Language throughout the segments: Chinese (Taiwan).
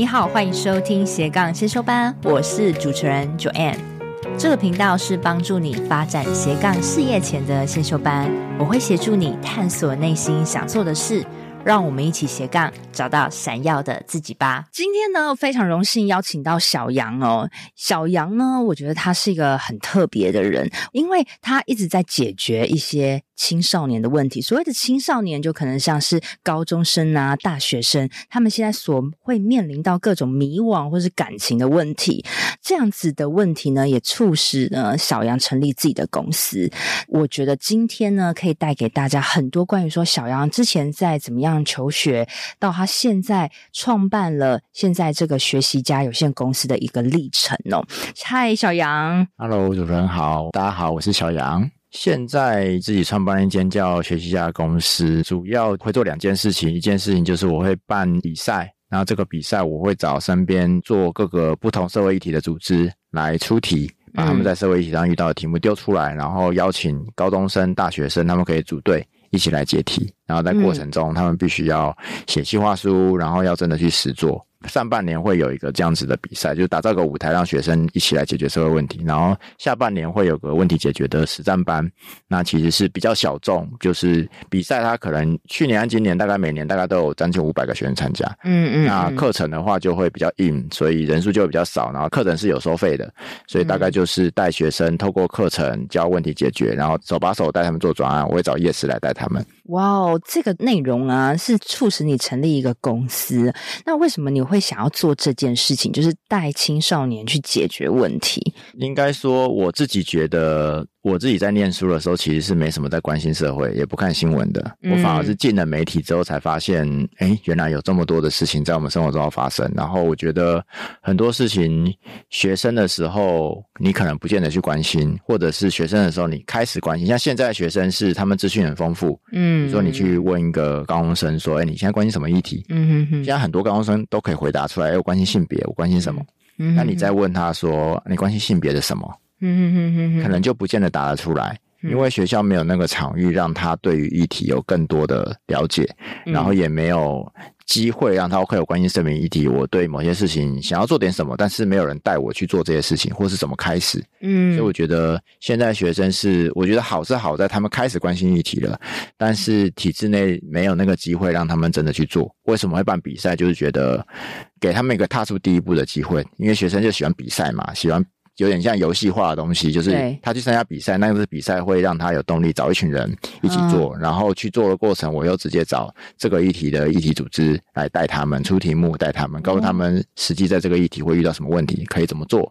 你好，歡迎收聽斜槓先修班，我是主持人 Joanne。這個頻道是幫助你發展斜槓事業前的先修班，我會協助你探索內心想做的事，讓我們一起斜槓找到閃耀的自己吧。今天呢，非常榮幸邀請到小羊哦。小羊呢，我覺得他是一個很特別的人，因為他一直在解決一些青少年的問題，所謂的青少年就可能像是高中生啊、大學生，他們現在所會面臨到各種迷惘或是感情的問題，這樣子的問題呢，也促使呢小羊成立自己的公司。我覺得今天呢，可以帶給大家很多關於說小羊之前在怎麼樣求學到他現在創辦了現在這個學習家有限公司的一個歷程哦。嗨，小羊。Hello，主持人好，大家好，我是小羊。現在自己創辦一間叫學習家公司，主要會做兩件事情，一件事情就是我會辦比賽，然後這個比賽我會找身邊做各個不同社會議題的組織來出題，把他們在社會議題上遇到的題目丟出來，然後邀請高中生、大學生，他們可以組隊一起來解題。然後在過程中，他們必須要寫計劃書，然後要真的去實做。上半年會有一個這樣子的比賽，就是打造個舞台讓學生一起來解決社會問題。然後下半年會有個問題解決的實戰班，那其實是比較小眾。就是比賽它可能去年和今年大概每年大概都有3500個學生參加，嗯嗯,嗯。那課程的話就會比較硬，所以人數就會比較少。然後課程是有收費的，所以大概就是帶學生透過課程教問題解決，然後手把手帶他們做專案。我會找業師來帶他們。哇哦，wow，這個內容啊，是促使你成立一個公司？那為什麼你會想要做這件事情？就是帶青少年去解決問題。應該說，我自己覺得。我自己在念書的時候，其實是沒什麼在關心社會，也不看新聞的。嗯、我反而是進了媒體之後，才發現，誒、欸、原來有這麼多的事情在我們生活中發生。然後我覺得很多事情，學生的時候你可能不見得去關心，或者是學生的時候你開始關心。像現在學生是他們資訊很豐富，嗯，你說你去問一個高中生說，哎、欸，你現在關心什麼議題？嗯嗯，現在很多高中生都可以回答出來，欸、我關心性別，我關心什麼？嗯哼哼，那你再問他說，你關心性別的什麼？嗯嗯嗯嗯可能就不見得答得出來，因為學校沒有那個場域讓他對於議題有更多的了解，嗯、然後也沒有機會讓他可以有關心生命議題。我對某些事情想要做點什麼，但是沒有人帶我去做這些事情，或是怎麼開始。嗯，所以我覺得現在學生是，我覺得好是好在他們開始關心議題了，但是體制內沒有那個機會讓他們真的去做。為什麼會辦比賽？就是覺得給他們一個踏出第一步的機會，因為學生就喜歡比賽嘛，喜歡。有點像遊戲化的東西，就是他去參加比賽，對那個是比賽會讓他有動力找一群人一起做，嗯、然後去做的過程，我又直接找這個議題的議題組織來帶他們出題目，帶他們告訴他們實際在這個議題會遇到什麼問題，嗯、可以怎麼做。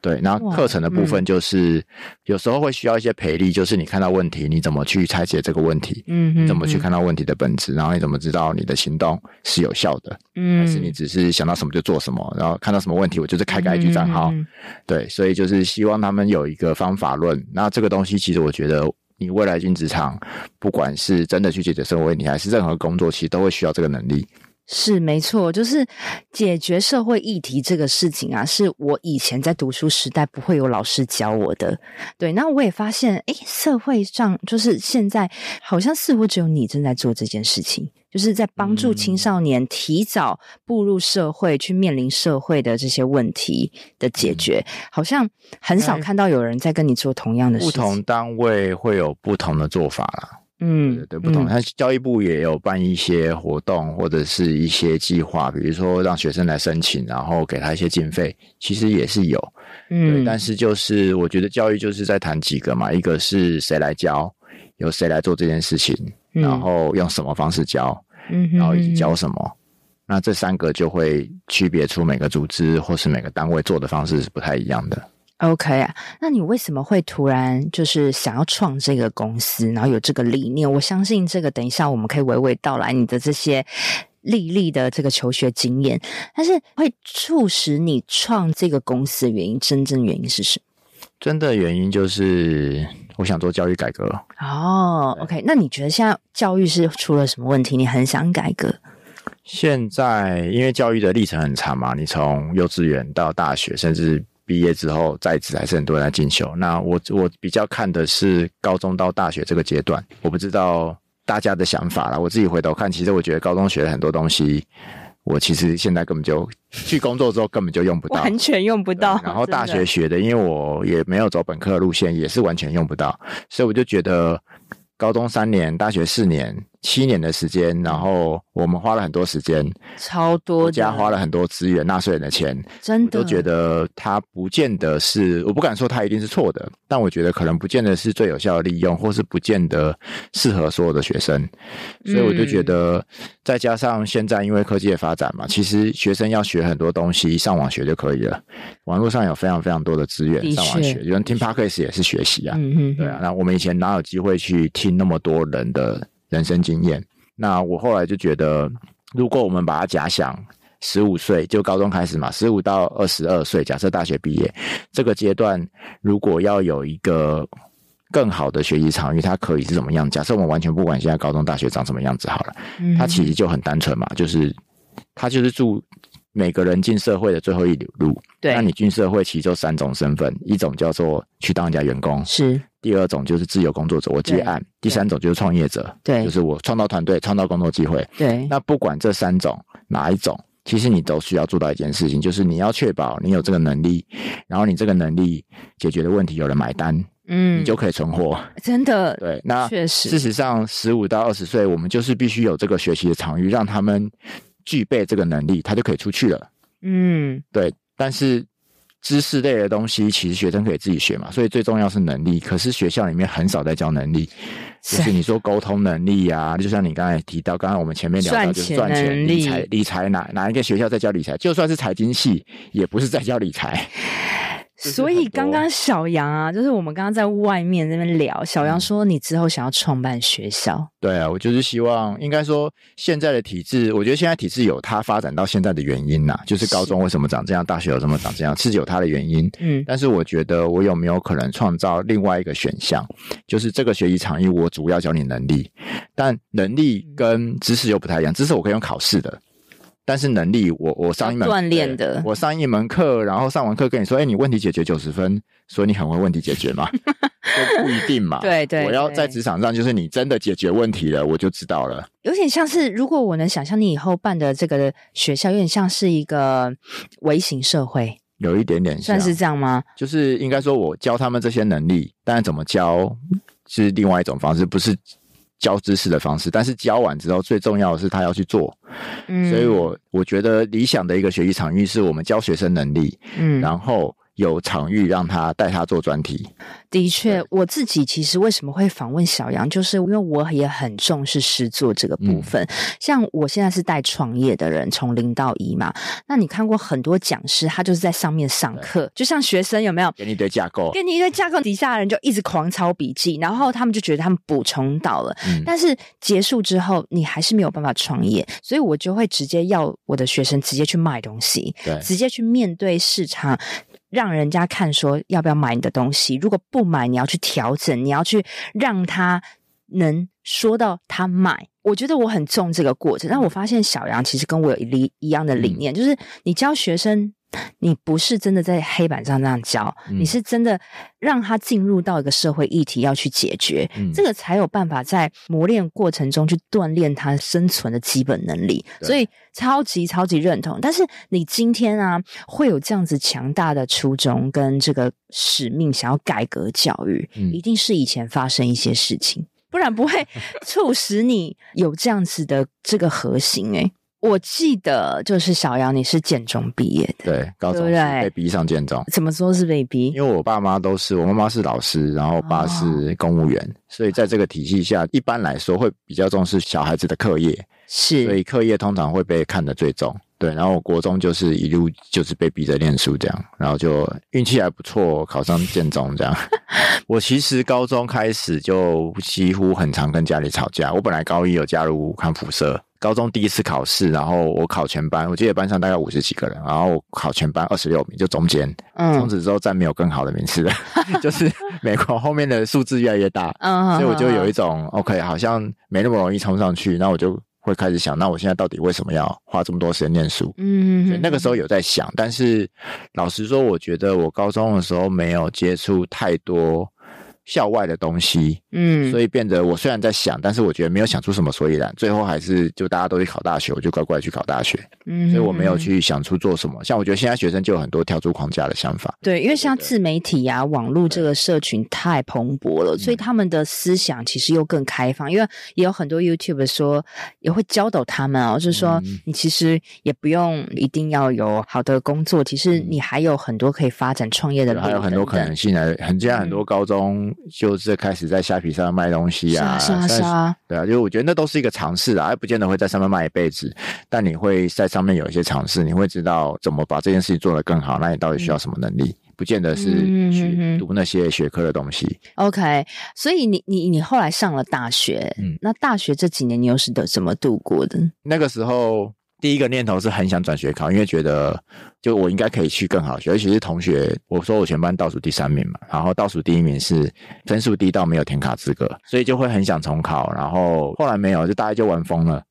對，然後課程的部分就是、嗯、有時候會需要一些培力，就是你看到問題，你怎麼去拆解這個問題？嗯，嗯，你怎麼去看到問題的本質？然後你怎麼知道你的行動是有效的？嗯，還是你只是想到什麼就做什麼？然後看到什麼問題我就是開個 IG 賬號。嗯、對，所以就是希望他們有一個方法論。那這個東西其實我覺得你未來進職場，不管是真的去解決社會問題，還是任何工作，其實都會需要這個能力。是，沒錯，就是解決社會議題這個事情啊，是我以前在讀書時代不會有老師教我的。對，那我也發現，誒，社會上就是現在好像似乎只有你正在做這件事情，就是在幫助青少年提早步入社會，嗯、去面臨社會的這些問題的解決，嗯、好像很少看到有人在跟你做同樣的事情。哎、不同單位會有不同的做法啦。嗯， 對，不同。他教育部也有辦一些活動或者是一些計劃，比如說讓學生來申請，然後給他一些經費，其實也是有。嗯， 但是就是我覺得教育就是在談幾個嘛，一個是誰來教，由誰來做這件事情，然後用什麼方式教， 然後以及教什麼，那這三個就會區別出每個組織或是每個單位做的方式是不太一樣的。OK 啊，那你為什麼會突然就是想要創這個公司，然後有這個理念？我相信這個，等一下我們可以娓娓道來你的這些歷歷的這個求學經驗。但是會促使你創這個公司的原因，真正原因是什麼？真的原因就是我想做教育改革。哦，OK，那你覺得現在教育是出了什麼問題？你很想改革？現在因為教育的歷程很長嘛，你從幼稚園到大學，甚至。畢業之後在職還是很多人來進修。那我我比較看的是高中到大學這個階段，我不知道大家的想法啦。我自己回頭看，其實我覺得高中學了很多東西，我其實現在根本就去工作之後根本就用不到，完全用不到。然後大學學的，的因為我也沒有走本科路線，也是完全用不到。所以我就覺得高中三年，大學四年，七年的時間，然後我們花了很多時間，超多，加花了很多資源，納稅人的錢，真的我都覺得它不見得是，我不敢說它一定是錯的，但我覺得可能不見得是最有效的利用，或是不見得適合所有的學生，所以我就覺得，嗯、再加上現在因為科技的發展嘛，其實學生要學很多東西，上網學就可以了，網絡上有非常非常多的資源，確上網學，有人聽 Podcast 也是學習啊，嗯、哼對啊，那我們以前哪有機會去聽那麼多人的人生經驗，那我後來就覺得，如果我們把它假想，十五歲就高中開始嘛，十五到二十二歲，假設大學畢業這個階段，如果要有一個更好的學習場域，它可以是怎麼樣？假設我們完全不管現在高中大學長什麼樣子好了，它其實就很單純嘛，就是他就是住。每個人進社會的最後一路，對，那你進社會其實就三種身份，一種叫做去當人家員工，是；第二種就是自由工作者，我接案；對，第三種就是創業者，對，就是我創造團隊、創造工作機會，對。那不管這三種哪一種，其實你都需要做到一件事情，就是你要確保你有這個能力，然後你這個能力解決的問題有人買單，嗯，你就可以存活。真的，對，那確實，事實上，十五到二十歲，我們就是必須有這個學習的場域，讓他們。具備這個能力，他就可以出去了。嗯，對。但是知識類的東西，其實學生可以自己學嘛。所以最重要是能力。可是學校裡面很少在教能力，是就是你說溝通能力呀、啊，就像你剛才提到，剛剛我們前面聊到就是賺錢、賺錢理財、理財哪哪一個學校在教理財？就算是財經系，也不是在教理財。所以剛剛小羊啊，就是我們剛剛在外面那邊聊，小羊說你之後想要創辦學校。嗯。對啊，我就是希望，應該說現在的體制，我覺得現在體制有它發展到現在的原因吶、啊，就是高中為什麼長這樣，是大學有什麼長這樣，是有它的原因。嗯，但是我覺得我有沒有可能創造另外一個選項，就是這個學習場域，我主要教你能力，但能力跟知識又不太一樣，知識我可以用考試的。但是能力，我我上一門鍛煉的，我上一門課，然後上完課跟你說，哎、欸，你問題解決九十分，所以你很會問題解決嘛？都 不一定嘛。 對對，對，我要在職場上，就是你真的解決問題了，我就知道了。有點像是，如果我能想象你以後辦的這個學校，有點像是一個微型社會，有一點點像算是這樣嗎？就是應該說，我教他們這些能力，但是怎麼教是另外一種方式，不是。教知識的方式，但是教完之後最重要的是他要去做，嗯，所以我我覺得理想的一個學習場域是我們教學生能力，嗯，然後。有場域讓他帶他做專題，的確確，對我自己其實為什麼會訪問小羊，就是因為我也很重視實作這個部分。嗯、像我現在是帶創業的人，從零到一嘛。那你看過很多講師，他就是在上面上課，對就像學生有沒有給你一堆架構，給你一堆架構底下的人就一直狂抄筆記，然後他們就覺得他們補充到了，嗯、但是結束之後你還是沒有辦法創業，所以我就會直接要我的學生直接去賣東西，對，直接去面對市場。讓人家看說，要不要買你的東西，如果不買，你要去調整，你要去讓他能說到他買。我覺得我很重這個過程，但我發現小羊其實跟我有一,一樣的理念，嗯、就是你教學生。你不是真的在黑板上那樣教，嗯、你是真的讓他進入到一個社會議題要去解決，嗯、這個才有辦法在磨練過程中去鍛鍊他生存的基本能力。對所以超級超級認同。但是你今天啊，會有這樣子強大的初衷跟這個使命，想要改革教育，嗯、一定是以前發生一些事情，不然不會促使你有這樣子的這個核心、欸。誒。我記得就是小羊，你是建中畢業的，對，高中是被逼上建中。怎麼說是被逼？因為我爸媽都是，我媽媽是老師，然後我爸是公務員，哦、所以在這個體系下，一般來說會比較重視小孩子的課業，是，所以課業通常會被看得最重，對。然後我國中就是一路就是被逼着念書這樣，然後就運氣還不錯，考上建中這樣。 我其實高中開始就幾乎很常跟家裡吵架，我本來高一有加入漢服社。高中第一次考試，然後我考全班，我記得班上大概五十幾個人，然後我考全班二十六名，就中間。嗯。從此之後再沒有更好的名次了， 就是每考後面的數字越來越大。嗯。所以我就有一種、嗯、OK，好像沒那麼容易衝上去，那我就會開始想，那我現在到底為什麼要花這麼多時間念書？嗯哼。所以那個時候有在想，但是老實說，我覺得我高中的時候沒有接觸太多。校外的東西，嗯，所以變得我雖然在想，但是我覺得沒有想出什麼所以然，最後還是就大家都去考大學，我就乖乖去考大學，嗯，所以我沒有去想出做什麼。像我覺得現在學生就有很多跳出框架的想法，對，因為像自媒體啊、對網絡這個社群太蓬勃了，對所以他們的思想其實又更開放，嗯、因為也有很多 YouTube 說也會教導他們啊、喔，就是說你其實也不用一定要有好的工作，其實你還有很多可以發展創業的，的，還有很多可能性，很現在很多高中。嗯就是開始在蝦皮上賣東西啊，是啊，是啊，是啊，對啊，就我覺得那都是一個嘗試啊，不見得會在上面賣一輩子，但你會在上面有一些嘗試，你會知道怎麼把這件事情做得更好。那你到底需要什麼能力？嗯、不見得是去、嗯嗯、讀那些學科的東西。OK，所以你你你後來上了大學，嗯，那大學這幾年你又是怎怎麼度過的？那個時候。第一個念頭是很想轉學考，因為覺得就我應該可以去更好學，尤其是同學，我說我全班倒數第三名嘛，然後倒數第一名是分數低到沒有填卡資格，所以就會很想重考，然後後來沒有，就大家就玩瘋了，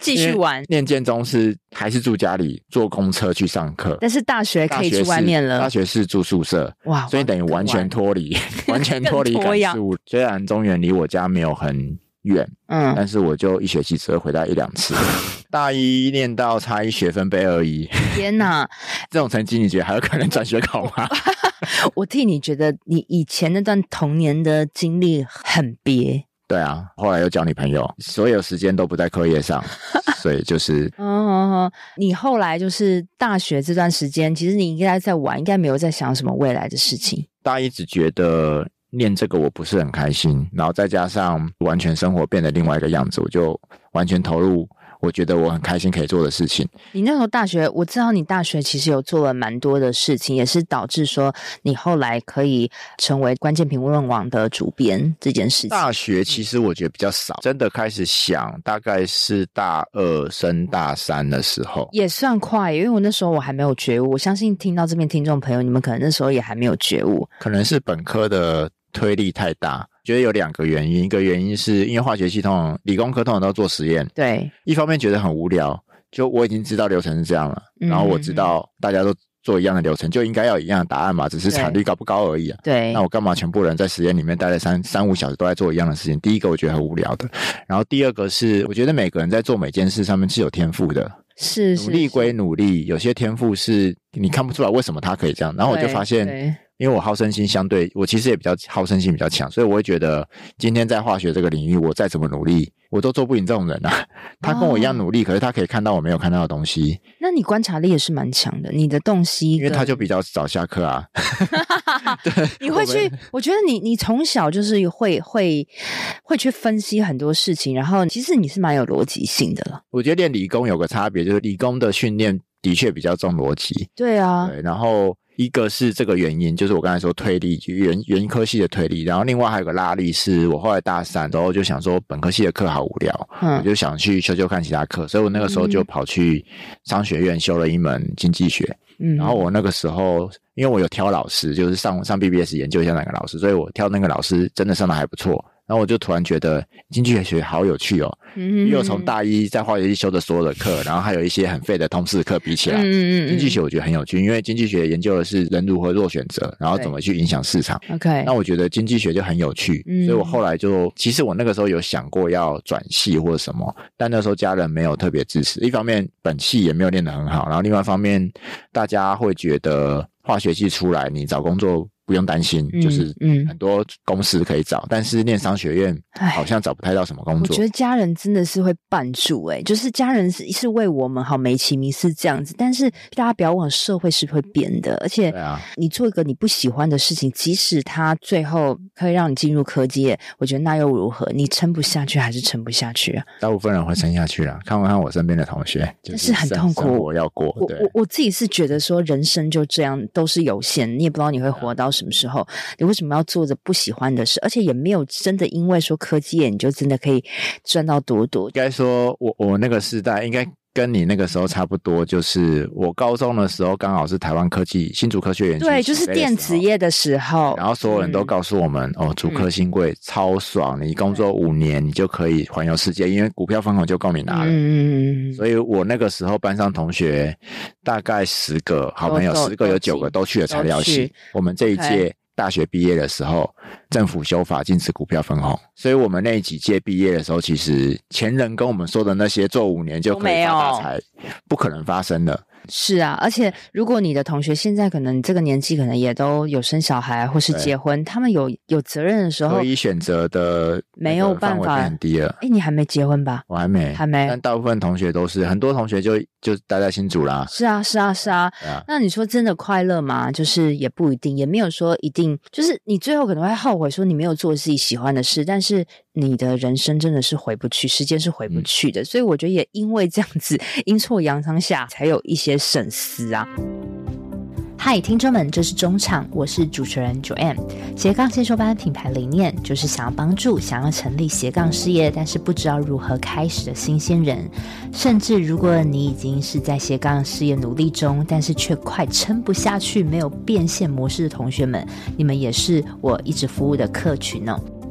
繼 續玩。念建中是還是住家裡，坐公車去上課，但是大學可以去外面了，大學，大學是住宿舍，哇，哇，所以等於完全脫離，更完， 完全脫離，雖然中原離我家沒有很。遠，遠嗯，但是我就一學期只會回答一兩次， 大一念到差一學分被二一。 天哪，這種成績你覺得還有可能轉學考嗎？ 我替你覺得，你以前那段童年的經歷很憋。對啊，後來又交女朋友，所有時間都不在課業上， 所以就是。哦、 嗯嗯嗯，你後來就是大學這段時間，其實你應該在玩，應該沒有在想什麼未來的事情。大一只覺得。念這個我不是很開心，然後再加上完全生活變得另外一個樣子，我就完全投入我覺得我很開心可以做的事情。你那時候大學，我知道你大學其實有做了蠻多的事情，也是導致說你後來可以成為關鍵評論網的主編這件事情。大學其實我覺得比較少，嗯，真的開始想大概是大二升大三的時候，也算快，因為我那時候我還沒有覺悟。我相信聽到這邊聽眾朋友，你們可能那時候也還沒有覺悟，可能是本科的。推力太大。覺得有兩個原因，一個原因是因為化學系通常，理工科通常都做實驗，對，一方面覺得很無聊，就我已經知道流程是這樣了，然後我知道大家都做一樣的流程，就應該要一樣的答案嘛，只是產率高不高而已啊。對，對那我幹嘛全部人在實驗裡面待了三三五小時都在做一樣的事情？第一個我覺得很無聊的，然後第二個是我覺得每個人在做每件事上面是有天賦的，是，是，是努力歸努力，有些天賦是你看不出來為什麼他可以這樣，然後我就發現。因為我好勝心相對，我其實也比較好勝心比較強，所以我會覺得今天在化學這個領域，我再怎麼努力，我都做不贏這種人啊。他跟我一樣努力，哦、可是他可以看到我沒有看到的東西。那你觀察力也是蠻強的，你的洞悉。因為他就比較早下課啊。 對， 你會去？我，們我覺得你你從小就是會會會去分析很多事情，然後其實你是蠻有邏輯性的了。我覺得練理工有個差別，就是理工的訓練的確比較重邏輯。對啊。對，然後。一個是這個原因，就是我剛才說推力，就原原科系的推力，然後另外還有個拉力，是我後來大三，然後就想說本科系的課好無聊，嗯，我就想去修修看其他課，所以我那個時候就跑去商學院修了一門經濟學，嗯，然後我那個時候因為我有挑老師，就是上上 BBS 研究一下哪個老師，所以我挑那個老師真的上的還不錯。然後我就突然覺得經濟學好有趣哦，因為我從大一在化學系修的所有的課，然後還有一些很廢的通識課比起來，經濟學我覺得很有趣，因為經濟學研究的是人如何做選擇，然後怎麼去影響市場。OK，那我覺得經濟學就很有趣，所以我後來就其實我那個時候有想過要轉系或者什麼，但那時候家人沒有特別支持，一方面本系也沒有練得很好，然後另外一方面大家會覺得化學系出來你找工作。不用擔心，嗯、就是很多公司可以找，嗯、但是念商學院好像找不太到什麼工作。我覺得家人真的是會絆住哎，就是家人是是為我們好，美其名是這樣子。但是大家不要忘了社會是會變的，而且你做一個你不喜歡的事情，即使他最後可以讓你進入科技業，我覺得那又如何？你撐不下去還是撐不下去啊？大部分人會撐下去啊，嗯、看看我身邊的同學，就是，是很痛苦。對我要過，我我自己是覺得說人生就這樣，都是有限，你也不知道你會活到什麼時候？你為什麼要做着不喜歡的事？而且也沒有真的因為說科技業你就真的可以賺到多多。應該說我我那個時代應該。嗯跟你那個時候差不多，就是我高中的時候剛好是台灣科技新竹科學園區，對，就是電子業的時候。然後所有人都告訴我們，嗯、哦，竹科新貴、嗯、超爽，你工作五年、嗯、你就可以環遊世界，因為股票分紅就夠你拿了。嗯嗯。所以我那個時候班上同學大概十個好朋友，十受個有九個都去了材料系。我們這一屆。Okay. 大學畢業的時候，政府修法禁止股票分紅，所以我們那幾屆畢業的時候，其實前人跟我們說的那些做五年就可以發大財，不可能發生了。是啊，而且如果你的同學現在可能這個年紀，可能也都有生小孩、啊、或是結婚，對他們有有責任的時候可以選擇的，沒有辦法很低了。哎、欸，你還沒結婚吧？我還沒，還沒。但大部分同學都是很多同學就就待在新竹啦。是啊，是啊，是啊。是啊。那你說真的快樂嗎？就是也不一定，也沒有說一定。就是你最後可能會後悔，說你沒有做自己喜歡的事，但是。你的人生真的是回不去，時間是回不去的，嗯、所以我覺得也因為這樣子陰錯陽差下，才有一些省思啊。嗨，聽眾們，這是中場，我是主持人 Joanne。斜槓先修班品牌理念就是想要幫助想要成立斜槓事業，但是不知道如何開始的新鮮人，甚至如果你已經是在斜槓事業努力中，但是卻快撐不下去，沒有變現模式的同學們，你們也是我一直服務的客群哦。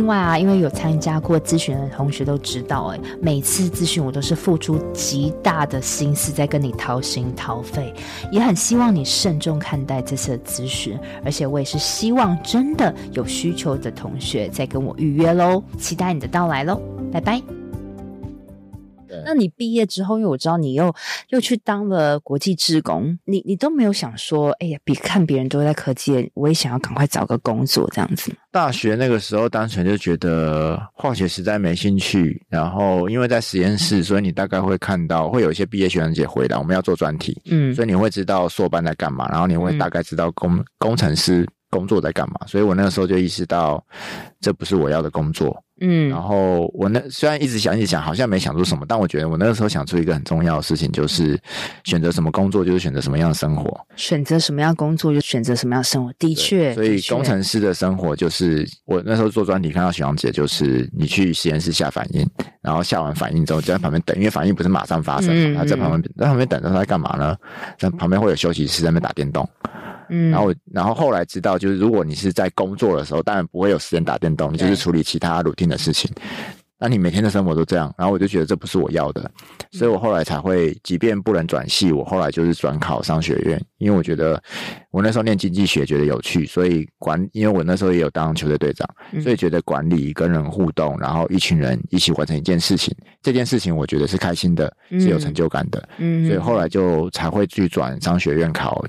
另外啊，因為有參加過諮詢的同學都知道，欸，每次諮詢我都是付出極大的心思在跟你掏心掏肺，也很希望你慎重看待這次的諮詢，而且我也是希望真的有需求的同學在跟我預約咯，期待你的到來咯，拜拜。那你畢業之後，因為我知道你又又去當了國際志工，你你都沒有想說，哎呀，別看別人都在科技，我也想要趕快找個工作這樣子。大學那個時候，單純就覺得化學實在沒興趣，然後因為在實驗室，所以你大概會看到 會有一些畢業學長姐回來，我們要做專題，嗯，所以你會知道碩班在幹嘛，然後你會大概知道工、嗯、工程師。工作在幹嘛？所以我那個時候就意識到，這不是我要的工作。嗯，然後我那雖然一直想，一直想，好像沒想出什麼，嗯、但我覺得我那個時候想出一個很重要的事情，就是選擇什麼工作，就是選擇什麼樣的生活。選擇什麼樣的工作，就選擇什麼樣的生活，的確。所以工程師的生活就是確我那時候做專題看到學長姐，就是你去實驗室下反應，然後下完反應之後就在旁邊等，嗯、因為反應不是馬上發生，嗯，嗯然後在，在旁邊在旁邊等着他，在幹嘛呢？在旁邊會有休息室，在那邊打電動。嗯，然後然後後來知道，就是如果你是在工作的時候，當然不會有時間打電動，你就是處理其他 routine 的事情。那 Okay. 你每天的生活都這樣，然後我就覺得這不是我要的，所以我後來才會，即便不能轉系，我後來就是轉考商學院，因為我覺得我那時候念經濟學覺得有趣，所以管，因為我那時候也有當球隊隊長，所以覺得管理跟人互動，然後一群人一起完成一件事情，這件事情我覺得是開心的，是有成就感的，嗯嗯。所以後來就才會去轉商學院考。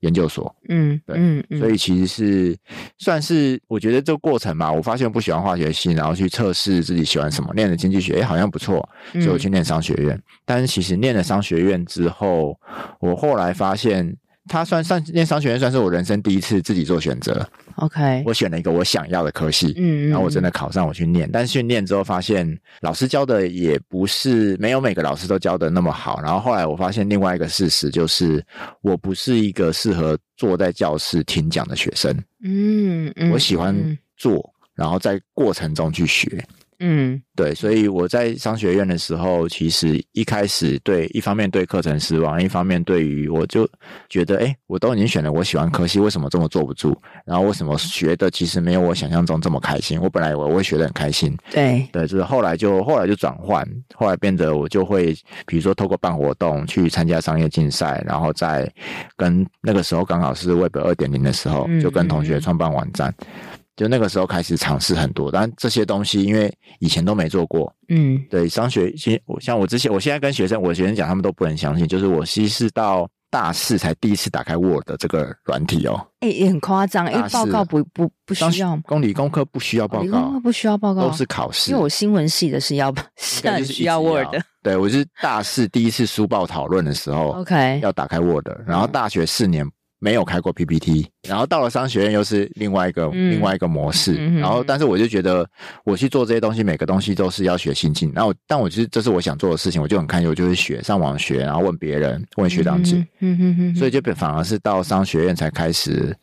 研究所，嗯，對，嗯嗯，所以其實是算是，我覺得這個過程吧，我發現不喜歡化學系，然後去測試自己喜歡什麼，練了經濟學，哎，欸，好像不錯，所以我去念商學院。嗯，但是其實念了商學院之後，我後來發現。嗯嗯他算上念商學院，算是我人生第一次自己做選擇。OK，我選了一個我想要的科系，嗯，嗯，嗯，然後我真的考上，我去念。但是念之後發現，老師教的也不是，沒有每個老師都教的那麼好。然後後來我發現另外一個事實就是，我不是一個適合坐在教室聽講的學生。嗯，嗯嗯，我喜歡做，然後在過程中去學。嗯，mm hmm. 對，所以我在商學院的時候，其實一開始對一方面對課程失望，一方面對於我就覺得，哎、欸，我都已經選了我喜歡科系，為什麼這麼坐不住？然後為什麼學的其實沒有我想象中這麼開心？我本來以為我會學的很開心，對、mm hmm. 對，就是後來就後來就轉換，後來變得我就會，比如說透過辦活動去參加商業競賽，然後再跟那個時候剛好是 Web 二點零的時候，就跟同學創辦網站。Mm hmm. 就那個時候開始嘗試很多，但這些東西因為以前都沒做過，嗯，對，上學其實我像我之前，我現在跟學生，我學生講，他們都不能相信，就是我其實是到大四才第一次打開 Word 這個軟體哦，誒、欸，也很誇張，因為四、欸、報告不不不需要，公理工科不需要報告，哦、理工科不需要報告都是考試，因為我新聞系的是要，是要需要 Word，對，我是大四第一次書報討論的時候，OK， 要打開 Word，然後大學四年。沒有開過 PPT，然後到了商學院又是另外一個、嗯、另外一個模式，然後但是我就覺得我去做這些東西，每個東西都是要學新進，然後但我就是這是我想做的事情，我就很開心，我就會學上網學，然後問別人問學長姐，嗯，所以就反而是到商學院才開始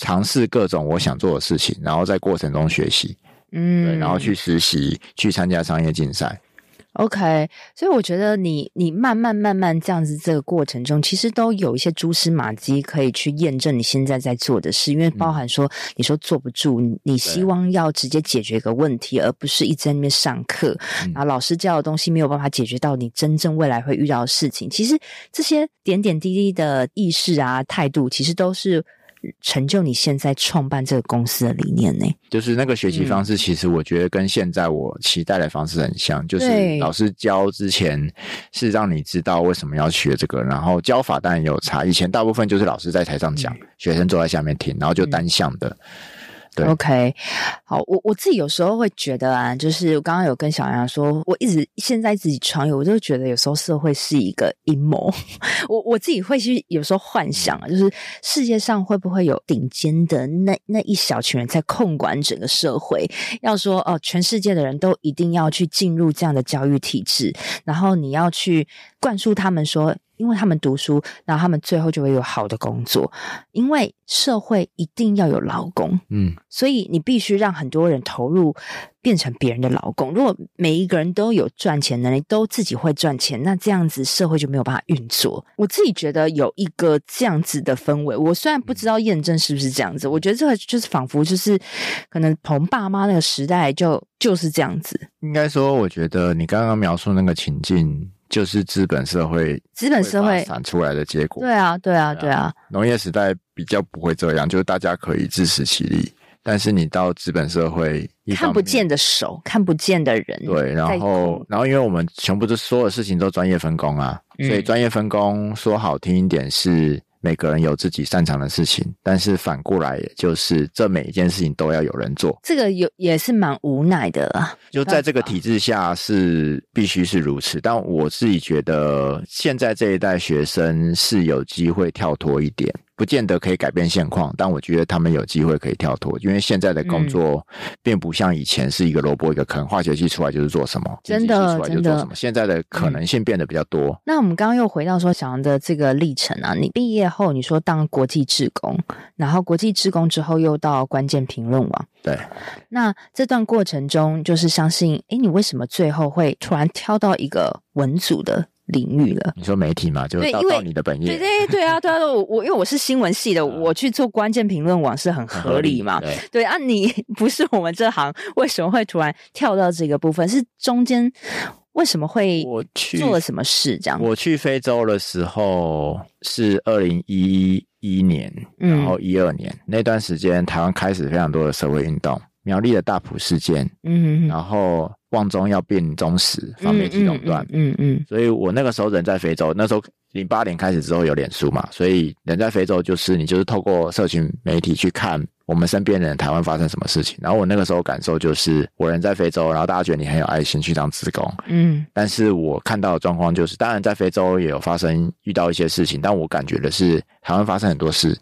嘗試各種我想做的事情，然後在過程中學習，嗯，然後去實習去參加商業競賽。OK，所以我覺得你你慢慢慢慢這樣子這個過程中，其實都有一些蛛絲馬跡可以去驗證你現在在做的事，因為包含說你說坐不住，嗯、你希望要直接解決一個問題，對而不是一直在那邊上課，嗯、然後老師教的東西沒有辦法解決到你真正未來會遇到的事情。其實這些點點滴滴的意識啊、態度，其實都是。成就你現在創辦這個公司的理念呢、欸？就是那個學習方式，其實我覺得跟現在我期待的方式很像，嗯、就是老師教之前是讓你知道為什麼要學這個，然後教法當然有差。以前大部分就是老師在台上講，嗯、學生坐在下面聽，然後就單向的。嗯對 OK，好，我我自己有時候會覺得啊，就是我剛剛有跟小羊說，我一直現在自己創業，我就覺得有時候社會是一個陰謀。 我我自己會去有時候幻想啊，就是世界上會不會有頂尖的那那一小群人在控管整個社會？要說哦、呃，全世界的人都一定要去進入這樣的教育體制，然後你要去灌輸他們說。因為他們讀書，然後他們最後就會有好的工作。因為社會一定要有勞工，嗯，所以你必須讓很多人投入，變成別人的勞工。如果每一個人都有賺錢能力，都自己會賺錢，那這樣子社會就沒有辦法運作。我自己覺得有一個這樣子的氛圍，我雖然不知道驗證是不是這樣子，嗯，我覺得這個就是仿佛就是可能從爸媽那個時代就就是這樣子。應該說，我覺得你剛剛描述那個情境。就是資本社會，資本社會產出來的結果。對啊，對啊，對啊。農業時代比較不會這樣，就是大家可以自食其力。但是你到資本社會，看不見的手，看不見的人。對，然後，聽然後，因為我們全部都所有的事情都專業分工啊，嗯、所以專業分工說好聽一點是。每個人有自己擅長的事情，但是反過來，也就是這每一件事情都要有人做。這個有也是蠻無奈的啊 就在這個體制下，是必須是如此。但我自己覺得，現在這一代學生是有機會跳脫一點。不見得可以改變現況，但我覺得他們有機會可以跳脫，因為現在的工作並不像以前是一個蘿蔔一個坑，嗯、化學系出來就是做什麼，真的真的。現在的可能性變得比較多。那我們剛剛又回到說小羊的這個歷程啊，你畢業後你說當國際志工，然後國際志工之後又到關鍵評論網，對。那這段過程中，就是相信，哎，你為什麼最後會突然挑到一個文組的領域了，你說媒體嘛，就到到你的本業。對對對啊，對啊，我因為我是新聞系的， 我去做關鍵評論網是很合理嘛，理。對，對啊你，你不是我們這行，為什麼會突然跳到這個部分？是中間為什麼會做了什麼事去這樣？我去非洲的時候是二零一一年，嗯、然後一二年那段時間，台灣開始非常多的社會運動，苗栗的大埔事件，嗯哼哼，然後。旺中要變中時，便去壟斷。嗯嗯，嗯，所以我那個時候人在非洲，那時候零八年開始之後有臉書嘛，所以人在非洲就是你就是透過社群媒體去看我們身邊人台灣發生什麼事情。然後我那個時候感受就是我人在非洲，然後大家覺得你很有愛心去當義工。嗯，但是我看到的狀況就是，當然在非洲也有發生遇到一些事情，但我感覺的是台灣發生很多事。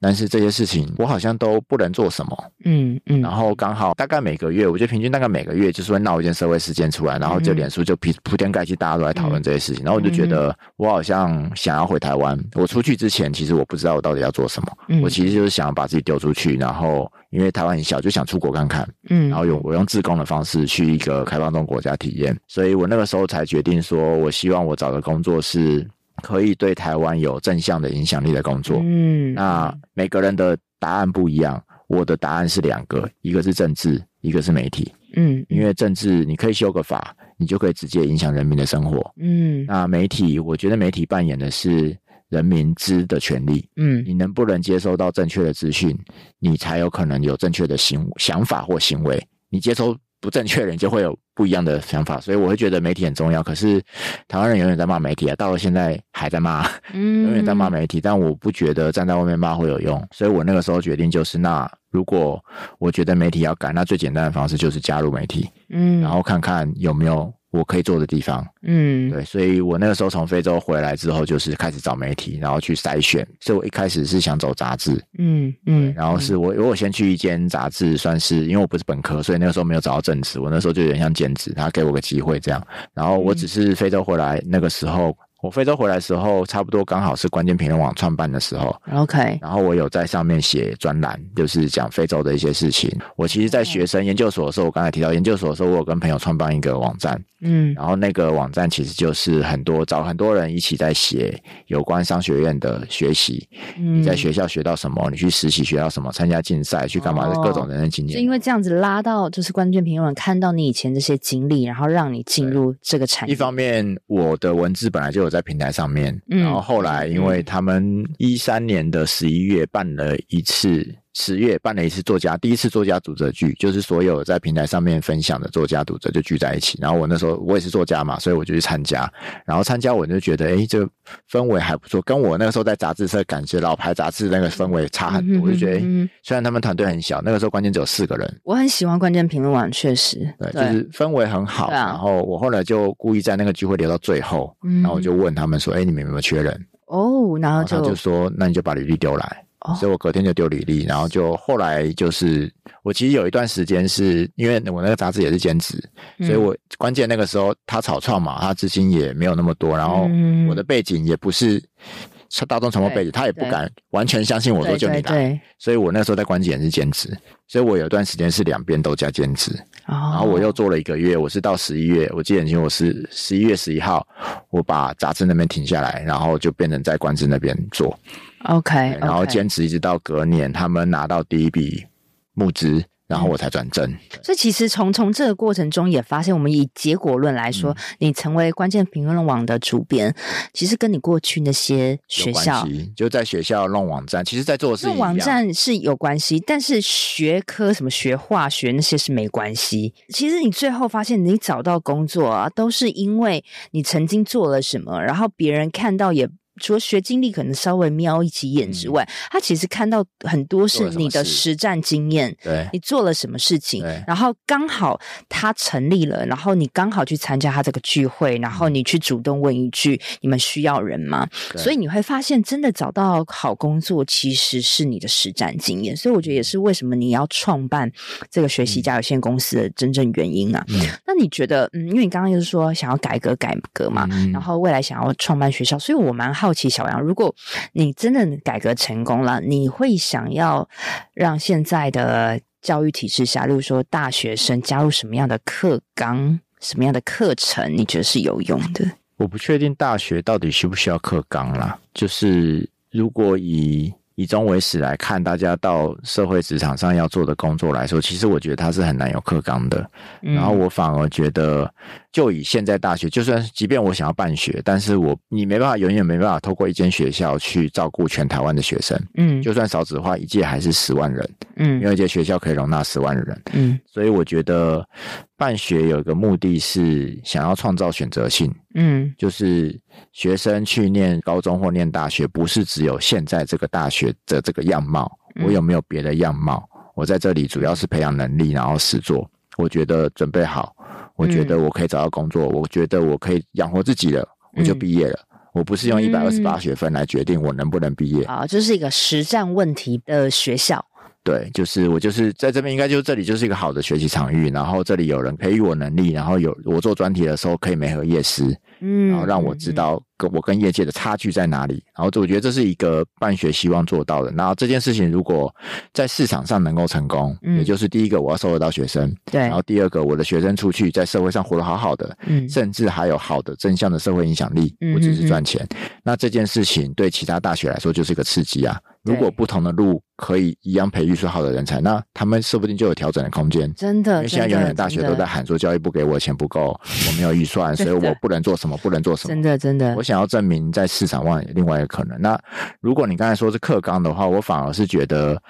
但是這些事情我好像都不能做什麼，嗯嗯。嗯然後剛好，大概每個月，我覺得平均大概每個月就是會鬧一件社會事件出來，嗯、哼然後就臉書就鋪鋪天蓋地，大家都在討論這些事情。嗯、哼然後我就覺得我好像想要回台灣。我出去之前，其實我不知道我到底要做什麼。嗯、我其實就是想要把自己丟出去，然後因為台灣很小，就想出國看看，嗯。然後用我用志工的方式去一個開放中國家體驗，所以我那個時候才決定說，我希望我找的工作是。可以對台灣有正向的影響力的工作，嗯，那每個人的答案不一樣。我的答案是兩個，一個是政治，一個是媒體，嗯，因為政治你可以修個法，你就可以直接影響人民的生活，嗯，那媒體，我覺得媒體扮演的是人民知的權利，嗯，你能不能接收到正確的資訊，你才有可能有正確的行，想法或行為，你接收。不正確的人就會有不一樣的想法，所以我會覺得媒體很重要。可是台灣人永遠在罵媒體啊，到了現在還在罵，嗯，永遠在罵媒體。但我不覺得站在外面罵會有用，所以我那個時候決定就是，那如果我覺得媒體要改，那最簡單的方式就是加入媒體，嗯，然後看看有沒有。我可以做的地方，嗯，對，所以我那個時候從非洲回來之後，就是開始找媒體，然後去篩選。所以我一開始是想走雜誌、嗯，嗯嗯，然後是我因為、嗯、我先去一間雜誌，算是因為我不是本科，所以那個時候沒有找到正職，我那時候就有點像兼職，他給我個機會這樣。然後我只是非洲回來、嗯、那個時候。我非洲回來的時候，差不多剛好是關鍵評論網創辦的時候。OK，然後我有在上面寫專欄，就是講非洲的一些事情。我其實，在學生研究所的時候，Okay. 我剛才提到研究所的時候，我有跟朋友創辦一個網站，嗯，然後那個網站其實就是很多找很多人一起在寫有關商學院的學習，嗯、你在學校學到什麼，你去實習學到什麼，參加競賽去幹嘛，各種人的經驗。哦、就因為這樣子拉到就是關鍵評論網看到你以前這些經歷，然後讓你進入這個產業。一方面，我的文字本來就有在在平台上面，嗯、然後後來，因為他們一三年的十一月辦了一次。十月辦了一次作家，第一次作家讀者聚，就是所有在平台上面分享的作家讀者就聚在一起。然後我那時候我也是作家嘛，所以我就去參加。然後參加我就覺得，哎，這氛圍還不錯，跟我那個時候在雜誌社感覺老牌雜誌那個氛圍差很多。我就覺得，雖然他們團隊很小，那個時候關鍵只有四個人，我很喜歡關鍵評論網，確實，對，對，就是氛圍很好。啊、然後我後來就故意在那個聚會留到最後，嗯、然後我就問他們說，哎，你們有沒有缺人？哦，然後，然後他就說，那你就把履歷丟來。所以我隔天就丟履歷，然後就後來就是我其實有一段時間是因為我那個雜誌也是兼職，嗯、所以我關鍵那個時候他草創嘛，他資金也沒有那麼多，然後我的背景也不是大眾傳播背景，嗯、他也不敢完全相信我說對就你來，對對對，所以我那個時候在關鍵也是兼職，所以我有一段時間是兩邊都加兼職，然後我又做了一個月，我是到十一月，我記得你為我是十一月十一號我把雜誌那邊停下來，然後就變成在關鍵那邊做。OK，okay. 然後堅持一直到隔年，Okay. 他們拿到第一筆募資，然後我才轉正。嗯、對所以其實從從這個過程中也發現，我們以結果論來說，嗯、你成為關鍵評論網的主編，其實跟你過去那些學校就在學校弄網站，其實在做的事，弄網站是有關係，但是學科什麼學化學那些是沒關係。其實你最後發現你找到工作啊，都是因為你曾經做了什麼，然後別人看到也。除了學經歷可能稍微瞄一幾眼之外，嗯、他其實看到很多是你的實戰經驗。對，你做了什麼事情？對然後剛好他成立了，然後你剛好去參加他這個聚會，然後你去主動問一句：“你們需要人嗎？”對所以你會發現，真的找到好工作其實是你的實戰經驗。所以我覺得也是為什麼你要創辦這個學習家有限公司的真正原因啊。嗯、那你覺得，嗯，因為你剛剛就是說想要改革改革嘛，嗯、然後未來想要創辦學校，所以我蠻好。好奇小羊，如果你真的改革成功了，你會想要讓現在的教育體制下，例如說大學生加入什麼樣的課綱、什麼樣的課程，你覺得是有用的？我不確定大學到底需不需要課綱啦，就是如果以。以終為始來看，大家到社會職場上要做的工作來說，其實我覺得他是很難有課綱的。嗯、然後我反而覺得，就以現在大學，就算即便我想要辦學，但是我你沒辦法，永遠沒辦法透過一間學校去照顧全台灣的學生。嗯，就算少子化一屆還是十萬人。嗯，因為一間學校可以容納十萬人。嗯，所以我覺得辦學有一個目的是想要創造選擇性。嗯，就是。學生去念高中或念大學，不是只有現在這個大學的這個樣貌。我有沒有別的樣貌？我在這裡主要是培養能力，然後實做。我覺得準備好，我覺得我可以找到工作，嗯、我覺得我可以養活自己了，我就畢業了。嗯、我不是用一百二十八學分來決定我能不能畢業啊，這、就是一個實戰問題的學校。對，就是我就是在這邊、就是，應該就這裡就是一個好的學習場域。然後這裡有人培育我能力，然後有我做專題的時候可以媒合業師。然後讓我知道，嗯。嗯嗯我跟業界的差距在哪裡？然後我覺得這是一個辦學希望做到的。然後這件事情如果在市場上能夠成功，也就是第一個我要收得到學生，對，然後第二個我的學生出去在社會上活得好好的，甚至還有好的正向的社會影響力，不只是賺錢。那這件事情對其他大學來說就是一個刺激啊！如果不同的路可以一樣培育出好的人才，那他們說不定就有調整的空間。真的，因為現在永遠大學都在喊說教育部給我的錢不夠，我沒有預算，所以我不能做什麼，不能做什麼。真的，真的。想要證明在市場外有另外一個可能。那如果你剛才說是課綱的話，我反而是覺得，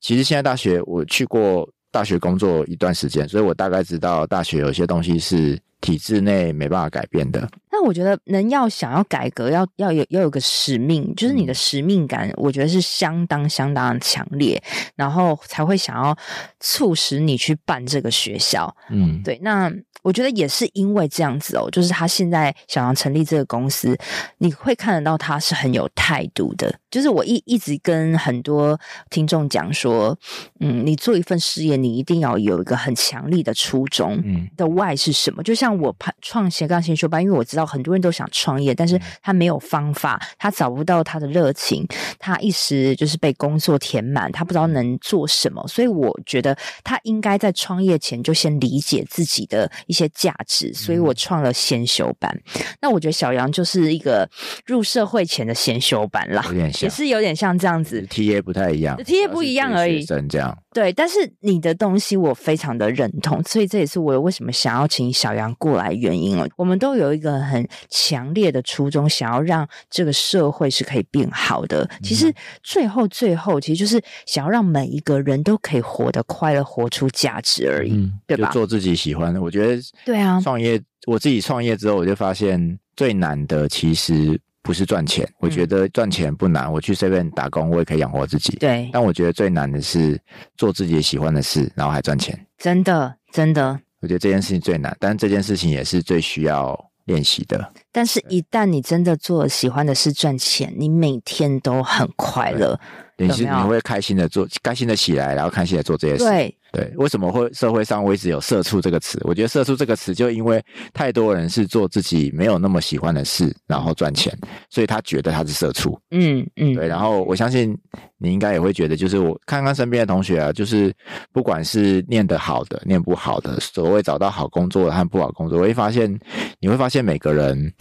其實現在大學我去過大學工作一段時間，所以我大概知道大學有些東西是。體制內沒辦法改變的。那我覺得，人要想要改革，要要有要有個使命，就是你的使命感，我覺得是相當相當的強烈，然後才會想要促使你去辦這個學校。嗯，對。那我覺得也是因為這樣子哦，就是他現在想要成立這個公司，你會看得到他是很有態度的。就是我一一直跟很多聽眾講說，嗯，你做一份事業，你一定要有一個很強力的初衷，嗯，的 why 是什麼？就像。我創斜槓先修班，因為我知道很多人都想創業，但是他沒有方法，他找不到他的熱情，他一時就是被工作填滿，他不知道能做什麼，所以我覺得他應該在創業前就先理解自己的一些價值，所以我創了先修班。嗯、那我覺得小羊就是一個入社會前的先修班了，有點像，也是有點像這樣子，TA 不太一樣，TA 不一樣而已，這樣，對，但是你的東西我非常的認同，所以這也是我為什麼想要請小羊，過來原因了、哦，我們都有一個很強烈的初衷，想要讓這個社會是可以變好的。其實最後最後，其實就是想要讓每一個人都可以活得快樂，活出價值而已，嗯、對吧？就做自己喜歡的，我覺得對啊。創業，我自己創業之後，我就發現最難的其實不是賺錢，嗯、我覺得賺錢不難，我去隨便打工，我也可以養活自己。對，但我覺得最難的是做自己喜歡的事，然後還賺錢。真的，真的。我覺得這件事情最難，但這件事情也是最需要練習的。但是，一旦你真的做了喜歡的事賺錢，你每天都很快樂。你其實你會開心的做，有有開心的起來，然後開心的做這些事。對，對，為什麼會社會上我一直有“社畜”這個詞？我覺得“社畜”這個詞就因為太多人是做自己沒有那麼喜歡的事，然後賺錢，所以他覺得他是社畜。嗯。嗯嗯，對。然後我相信你應該也會覺得，就是我看看身邊的同學啊，就是不管是念得好的、念不好的，所謂找到好工作和不好工作，我會發現，你會發現每個人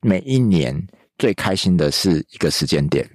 每一年最開心的是一個時間點。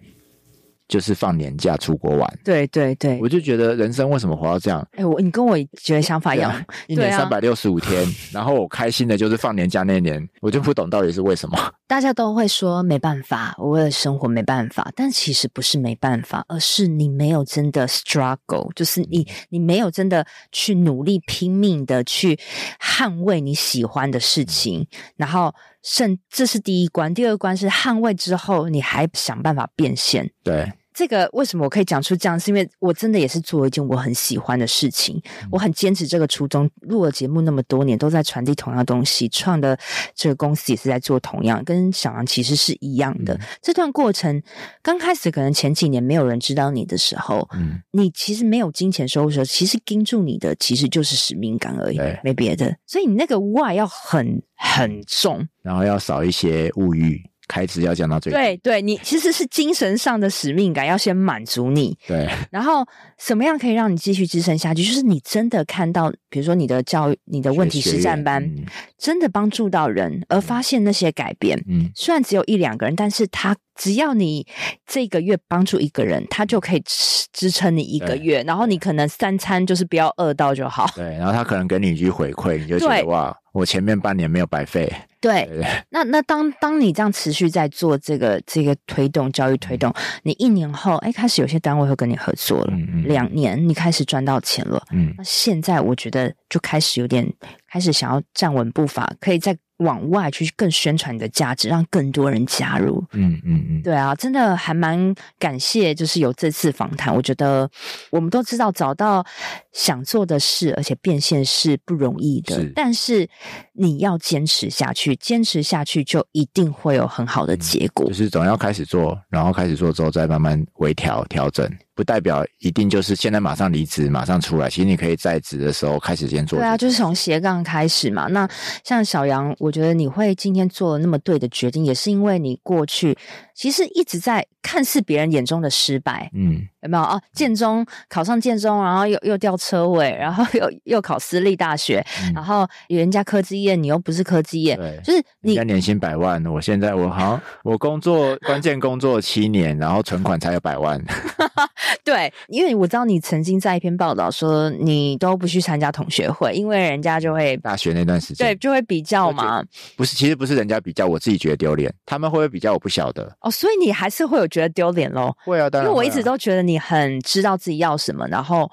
就是放年假出國玩、嗯，對對對，我就覺得人生為什麼活到這樣？哎、欸，我你跟我覺得想法一樣，一、啊、年三百六十五天，啊、然後我開心的就是放年假那一年， 我就不懂到底是為什麼。大家都會說沒辦法，我為了生活沒辦法，但其實不是沒辦法，而是你沒有真的 struggle，就是你你沒有真的去努力拼命的去捍衛你喜歡的事情，然後甚這是第一關，第二關是捍衛之後你還想辦法變現，對。這個為什麼我可以講出這樣？是因為我真的也是做了一件我很喜歡的事情，嗯、我很堅持這個初衷。錄了節目那麼多年，都在傳遞同樣東西，創的這個公司也是在做同樣，跟小羊其實是一樣的。嗯、這段過程剛開始，可能前幾年沒有人知道你的時候，嗯、你其實沒有金錢收入的時候，其實盯住你的其實就是使命感而已，對沒別的。所以你那個 why 要很很重，然後要少一些物欲。開支要降到最低。對，對你其實是精神上的使命感要先滿足你。對。然後什麼樣可以讓你繼續支撐下去？就是你真的看到，比如說你的教育、你的問題實戰班，學學嗯、真的幫助到人，而發現那些改變。嗯。雖然只有一兩個人，但是他只要你這個月幫助一個人，他就可以支支撐你一個月。對然後你可能三餐就是不要餓到就好。對。然後他可能給你一句回饋，你就覺得對哇，我前面半年沒有白費。對，那那當當你這樣持續在做這個這個推動教育推動，你一年後哎開始有些單位會跟你合作了，兩年你開始賺到錢了，嗯，那現在我覺得就開始有點開始想要站穩步伐，可以再往外去更宣傳你的價值，讓更多人加入，嗯嗯嗯，嗯嗯對啊，真的還蠻感謝，就是有這次訪談，我覺得我們都知道找到想做的事而且變現是不容易的，但是。你要堅持下去，堅持下去就一定會有很好的結果、嗯。就是總要開始做，然後開始做之後再慢慢微調調整，不代表一定就是現在馬上離職，馬上出來。其實你可以在職的時候開始先做。對啊，就是從斜槓開始嘛。那像小楊，我覺得你會今天做那麼對的決定，也是因為你過去其實一直在看似別人眼中的失敗。嗯，有沒有啊？建中考上建中，然後又又吊車尾，然後又又考私立大學，嗯、然後人家科技業。你又不是科技業，對就是你應該年薪百萬。我現在我好，我工作關鍵工作七年，然後存款才有百萬。 對，因為我知道你曾經在一篇報道說，你都不去參加同學會，因為人家就會大學那段時間，對，就會比較嘛。不是，其實不是人家比較，我自己覺得丟臉。他們會不會比較，我不曉得。哦，所以你還是會有覺得丟臉咯？會啊，會啊，因為我一直都覺得你很知道自己要什麼，然後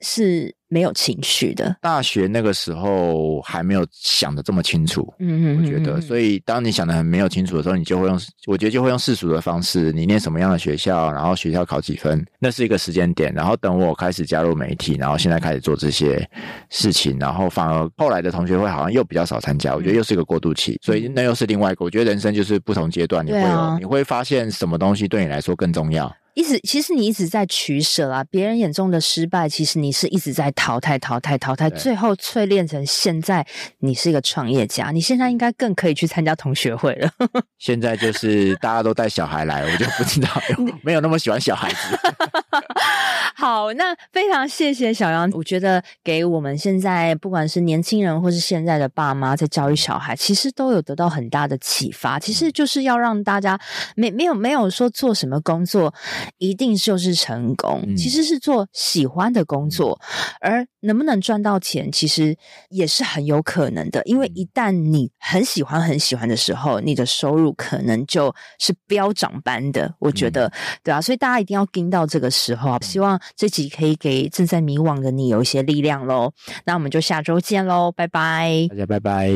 是。沒有情緒的大學那個時候還沒有想得這麼清楚，嗯嗯，我覺得，所以當你想得很沒有清楚的時候，你就會用，我覺得就會用世俗的方式，你念什麼樣的學校，然後學校考幾分，那是一個時間點，然後等我開始加入媒體，然後現在開始做這些事情，然後反而後來的同學會好像又比較少參加，我覺得又是一個過渡期，所以那又是另外一個，我覺得人生就是不同階段，你會有，啊、你會發現什麼東西對你來說更重要。一直其實你一直在取捨啊，別人眼中的失敗，其實你是一直在淘汰、淘汰、淘汰，對最後淬煉成現在你是一個創業家。你現在應該更可以去參加同學會了。現在就是大家都帶小孩來，我就不知道有 沒有那麼喜歡小孩子。你 好，那非常謝謝小羊，我覺得給我們現在不管是年輕人或是現在的爸媽在教育小孩，其實都有得到很大的啟發。其實就是要讓大家沒沒有沒有說做什麼工作，一定就是成功，其實是做喜歡的工作，嗯、而能不能賺到錢，其實也是很有可能的。因為一旦你很喜歡很喜歡的時候，你的收入可能就是飆漲般的。我覺得，嗯、對啊，所以大家一定要盯到這個時候。嗯、希望這集可以給正在迷惘的你有一些力量嘍。那我們就下周見嘍，拜拜，大家拜拜。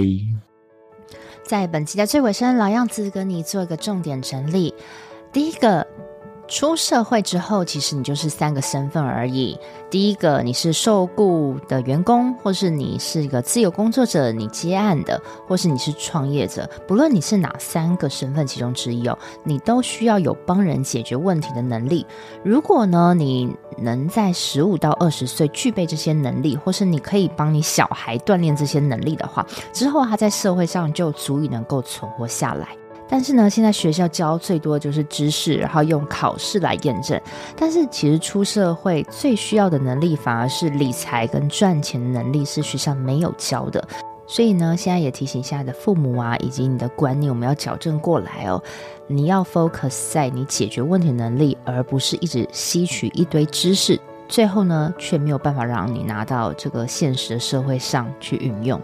在本期的最尾聲，老樣子跟你做一個重點整理，第一個，出社會之後，其實你就是三個身份而已。第一個，你是受僱的員工，或是你是一個自由工作者，你接案的，或是你是創業者。不論你是哪三個身份其中之一哦，你都需要有幫人解決問題的能力。如果呢，你能在十五到二十歲具備這些能力，或是你可以幫你小孩鍛鍊這些能力的話，之後他在社會上就足以能夠存活下來。但是呢，現在學校教最多的就是知識，然後用考試來驗證。但是其實出社會最需要的能力，反而是理財跟賺錢的能力，是學校沒有教的。所以呢，現在也提醒一下你的父母啊，以及你的觀念，我們要矯正過來哦。你要 focus 在你解決問題的能力，而不是一直吸取一堆知識，最後呢，卻沒有辦法讓你拿到這個現實的社會上去運用。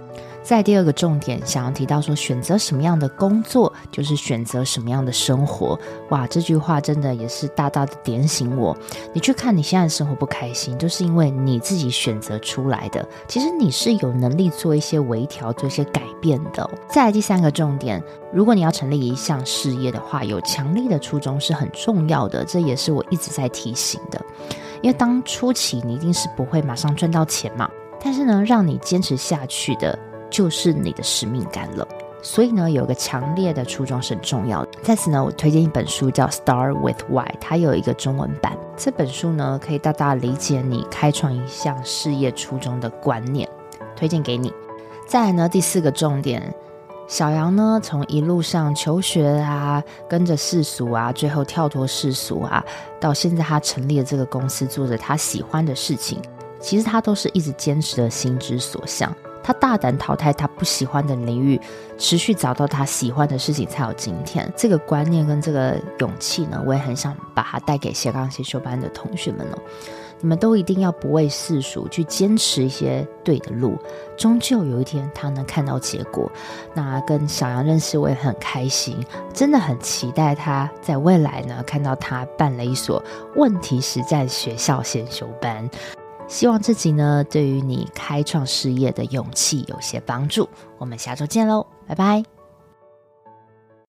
在第二個重點，想要提到說，選擇什麼樣的工作就是選擇什麼樣的生活。哇，這句話真的也是大大的點醒我。你去看你現在生活不開心，就是因為你自己選擇出來的。其實你是有能力做一些微調，做一些改變的哦。再來第三個重點，如果你要成立一項事業的話，有強力的初衷是很重要的。這也是我一直在提醒的，因為當初期你一定是不會馬上賺到錢嘛，但是呢，讓你堅持下去的。就是你的使命感了，所以呢，有個強烈的初衷是很重要的。在此呢，我推薦一本書叫《Start with Why》，它有一個中文版。這本書呢，可以大大理解你開創一項事業初衷的觀念，推薦給你。再來呢，第四個重點，小羊呢，從一路上求學啊，跟着世俗啊，最後跳脫世俗啊，到現在他成立了這個公司，做着他喜歡的事情，其實他都是一直堅持的心之所向。他大膽淘汰他不喜歡的領域，持續找到他喜歡的事情，才有今天。這個觀念跟這個勇氣呢，我也很想把它帶給斜槓先修班的同學們呢、哦。你們都一定要不畏世俗，去堅持一些對的路，終究有一天他能看到結果。那跟小羊認識我也很開心，真的很期待他在未來呢，看到他辦了一所問題實戰學校先修班。希望這集呢，對於你開創事業的勇氣有些幫助。我們下周見嘍，拜拜。